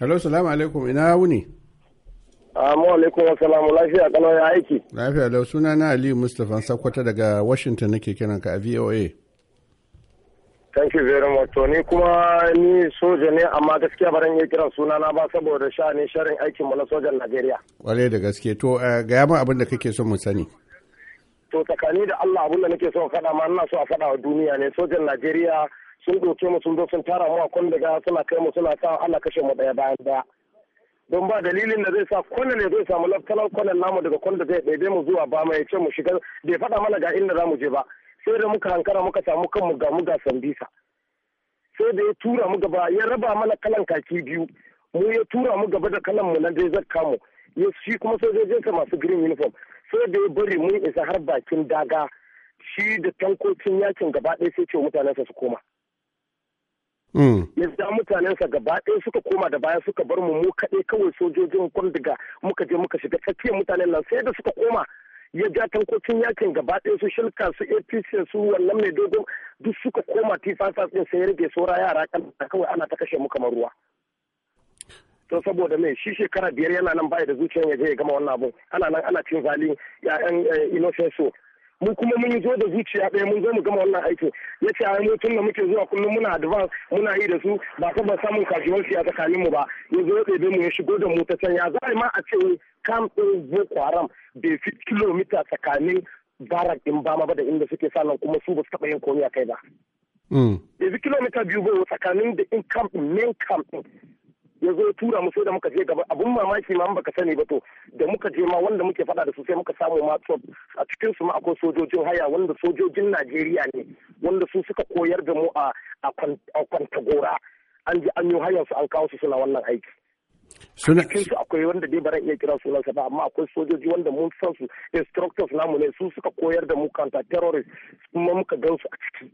hello salamu alaikum ina wuni Assalamu alaikum wa salamu lafiya kano ya aiki. Lafiya lau suna na Aliyu Mustapha Sakwata daga Washington nake kiran ka a VOA. Thank you very much. To ni kuma ni soja ne amma gaskiya baran iya kiran suna na ba saboda ne sharin aikin mu na sojan Najeriya. Wale da gaske to eh, ga ma abin da kake son mu sani. To tsakani da Allah abin da nake son faɗa ma ina so a faɗa wa duniya ne sojan Najeriya sun ɗauke mu sun zo sun tara mu a kwandaga suna kai mu suna sa ana kashe mu ɗaya bayan ɗaya don ba dalilin da zai sa kwanan ne zai samu laftalan kwanan namu daga da zai ɗaiɗe mu zuwa ba mai ce mu shiga bai faɗa mana ga inda za mu je ba sai da muka hankara muka samu kanmu ga mu ga sambisa sai da ya tura mu gaba ya raba mana kalan kaki biyu mu ya tura mu gaba da kalan mu na dai kamu ya shi kuma sai zai sojojinsa masu green uniform sai da ya bari mun isa har bakin daga shi da tankokin yakin gaba ɗaya sai ce mutanen su koma Mm. ya mutanen mutanensa gaba ɗaya suka koma da baya suka bar mu mu kaɗai kawai sojojin kwandiga muka je muka shiga tsakiyar mutanen nan sai da suka koma ya ja tankocin yakin gaba ɗaya su shilka su apc su wannan mai dogon duk suka koma tifafas ɗin sai ya rage saura yara kan kawai ana ta kashe mu kamar ruwa to saboda me shi shekara biyar yana nan baya da zuciyar ya je ya gama wannan abun ana nan ana cin zali ya'yan eh, innocent so mu kuma mun zo da zuciya ɗaya mun zo mu gama wannan aikin ya ce ai mutum da muke zuwa kullum muna advance muna yi da su ba ta ba samun kasuwanci a tsakanin mu ba ya zo ya ɗebe mu ya shigo da mu ta can ya za ma a ce kam ɗin boko haram bai fi kilomita tsakanin barak ɗin ba ma ba da inda suke sanan kuma su ba su taɓa yin komai a kai ba. Yanzu mm. kilomita biyu ba tsakanin da in camp main camp ɗin ya zo tura mu sai da muka je gaba abun mamaki ma baka sani ba to da muka je ma wanda muke faɗa da su sai muka samu ma a cikin su ma akwai sojojin haya wanda sojojin Najeriya ne wanda su suka koyar da mu a a kwantagora an ji an yi haya su an kawo su suna wannan aiki suna cikin su akwai wanda dai bara iya kira sunan sa ba amma akwai sojoji wanda mun san su instructors namu ne su suka koyar da mu counter terrorist kuma muka gan a ciki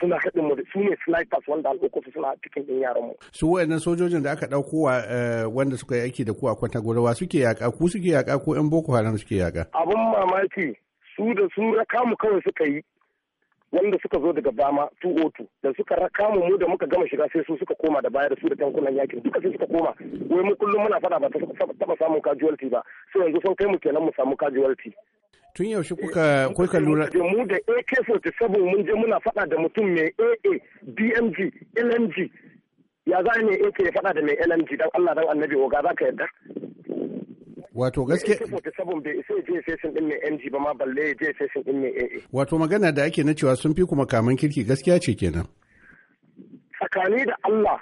suna haɗin mu su ne snipers wanda al'uku su suna cikin ɗin yaran mu. su wayannan sojojin da aka ɗauko eh, wanda suka yi aiki da ku a kwanta gorawa suke yaƙa ku suke yaƙa ko yan boko haram suke yaƙa. abun mamaki su da su raka mu kawai suka yi wanda suka zo daga bama 202 da suka raka mu mu da muka gama shiga sai su suka koma da baya da su da tankunan yakin duka sai suka koma wai mu kullum muna fada ba ta taba samun casualty ba sai yanzu sun kai mu kenan mu samu casualty tun yaushe eh, kuka eh, kuka eh, lura da mu da AK47 mun je muna faɗa da mutum mai AA bmg LMG ya za ne AK ya faɗa da mai LMG dan Allah dan Annabi za zaka yarda wato gaske bai je din MG ba ma balle wato magana da ake na cewa sun fi kuma kaman kirki gaskiya ce kenan tsakani da Allah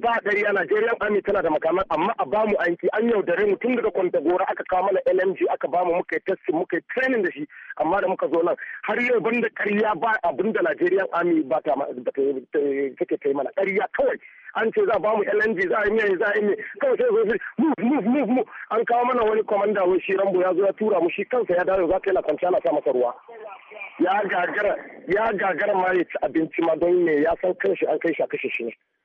ba dari a Najeriya tana da makaman amma a bamu aiki an yaudare mu tun daga kwanta gora aka kawo mana LMG aka bamu muka yi testing muka yi training da shi amma da muka zo nan har yau banda ƙarya ba abin da Najeriya Army ba ta take kai mana ƙarya kawai an ce za a bamu LNG za a yi mai za a yi kawai sai zo move move move mu an kawo mana wani commander wani shi Rambo ya zo ya tura mu shi kansa ya dawo za ta yi na kwanciya na sa masa ruwa ya gagara ya gagara ma ya ci abinci ma don me ya san kanshi an kai shi a kashe shi ne